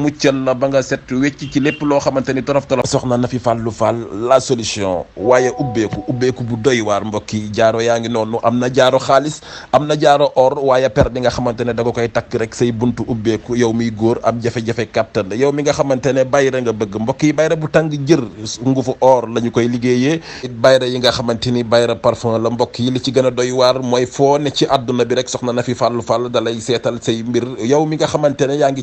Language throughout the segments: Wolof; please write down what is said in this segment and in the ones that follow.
muccal la ba nga set wecc ci lépp loo xamante ni torof torof soxna na fi fàllu fàll la solution waaye ubbeeku ubbeeku bu doy waar mbokki jaaro yaa ngi noonu am na jaaro xaalis am na jaaro or waaye per bi nga xamante ne da nga koy takk rek say buntu ubbeeku yow miy góor am jafe-jafe kàttan yow mi nga xamante ne bayra nga bëgg mbokk yi bayra bu tàng jër ngufu or la koy liggéeyee bayra yi nga xamante ni bayra parfum la mbokk yi li ci gën a doy waar mooy foo ne ci àdduna bi rek soxna na fi fàllu fàll dalay seetal say mbir yow mi nga xamante ne yaa ngi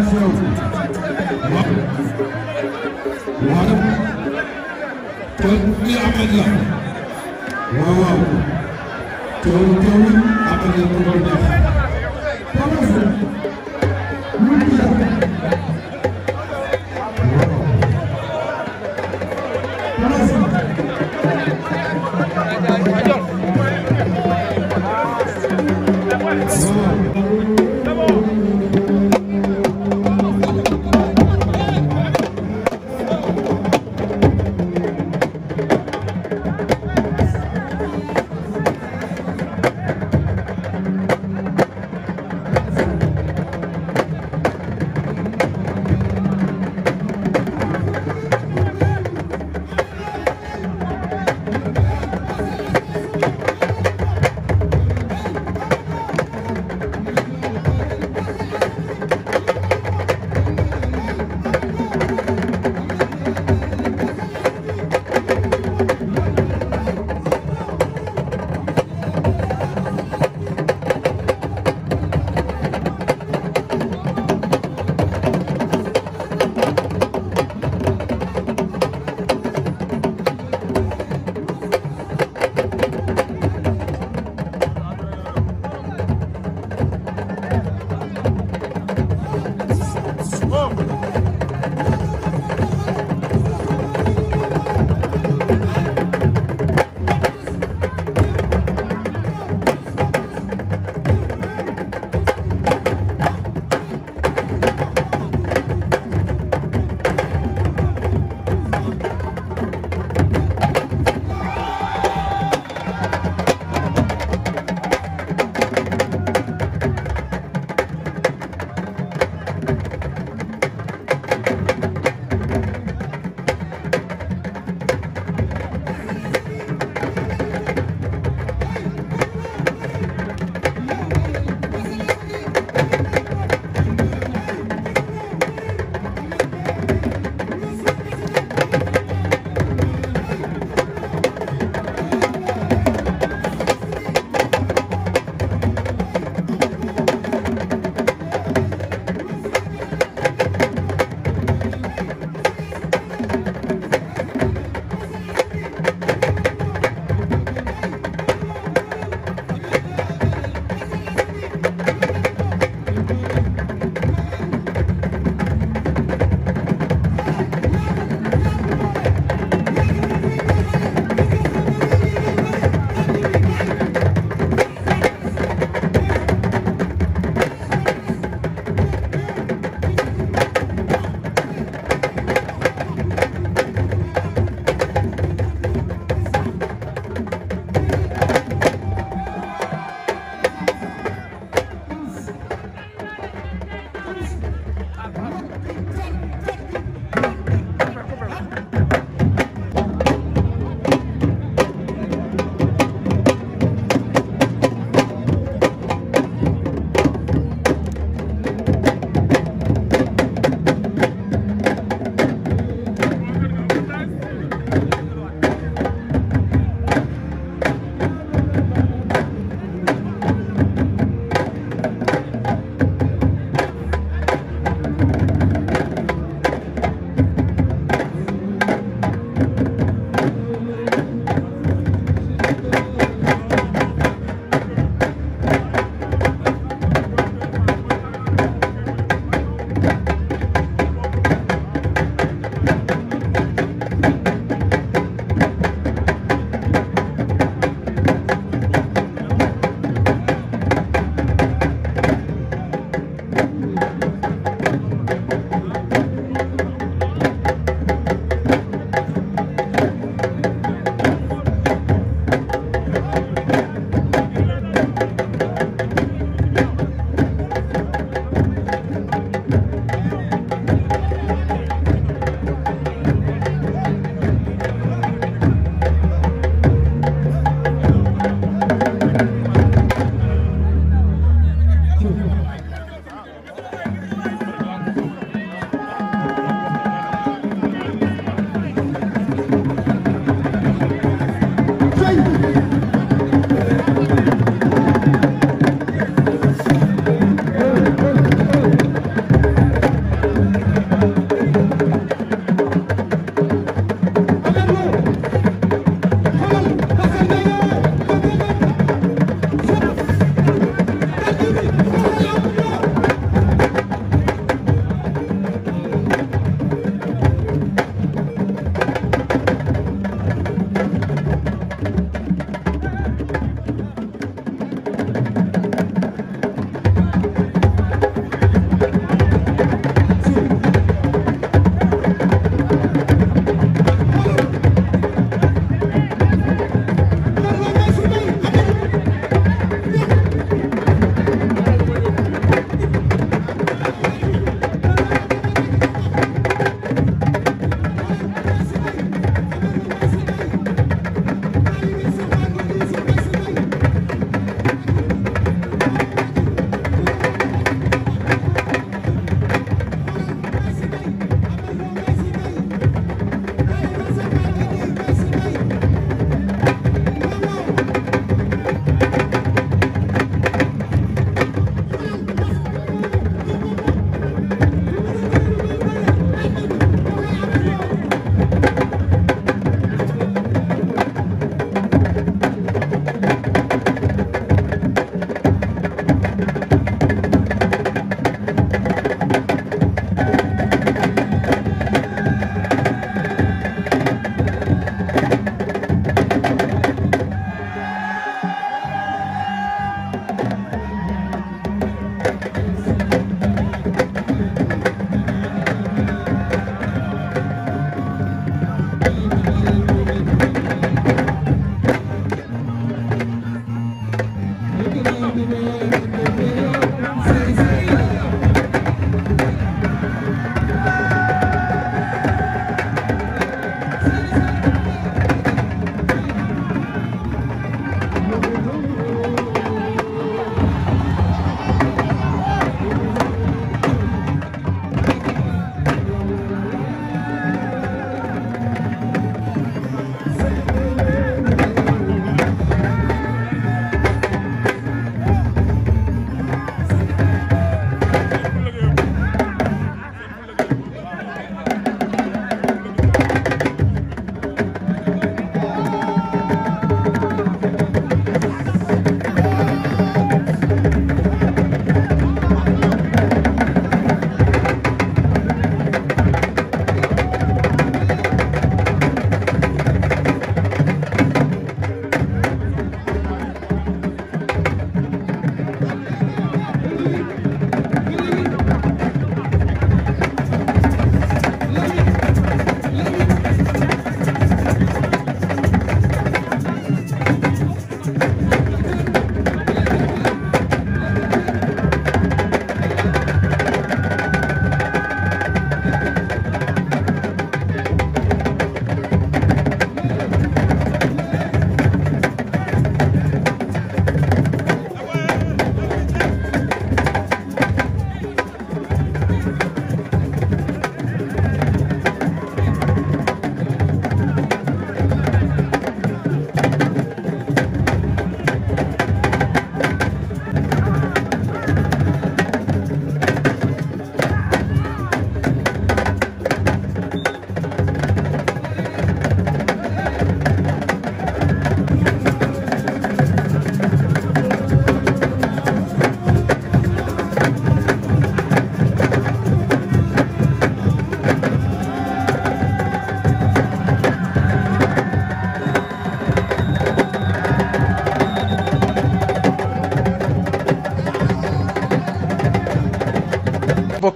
attention waaw tool bi amal la waaw waaw tool tool amal la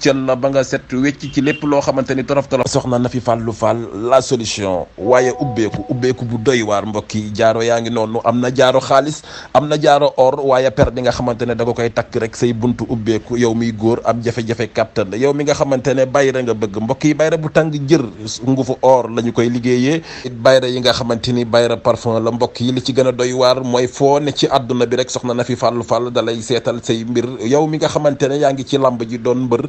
muccal na ba nga set wecc ci lépp loo xamante ni torof torof soxna na fi fàllu fàll la solution waaye ubbeeku ubbeeku bu doy waar mbokk yi jaaro yaa ngi noonu am na jaaro xaalis am na jaaro or waaye per bi nga xamante ne da nga koy takk rek say buntu ubbeeku yow miy góor am jafe-jafe kàttan yow mi nga xamante ne bayra nga bëgg mbokk yi bayra bu tàng jër ngufu or la ñu koy liggéeyee bayra yi nga xamante ni bayra la mbokk yi li ci gën a doy waar mooy foo ne ci àdduna bi rek soxna na fi fàllu fàll dalay seetal say mbir yow mi nga xamante ne yaa ngi ci lamb ji doon mbër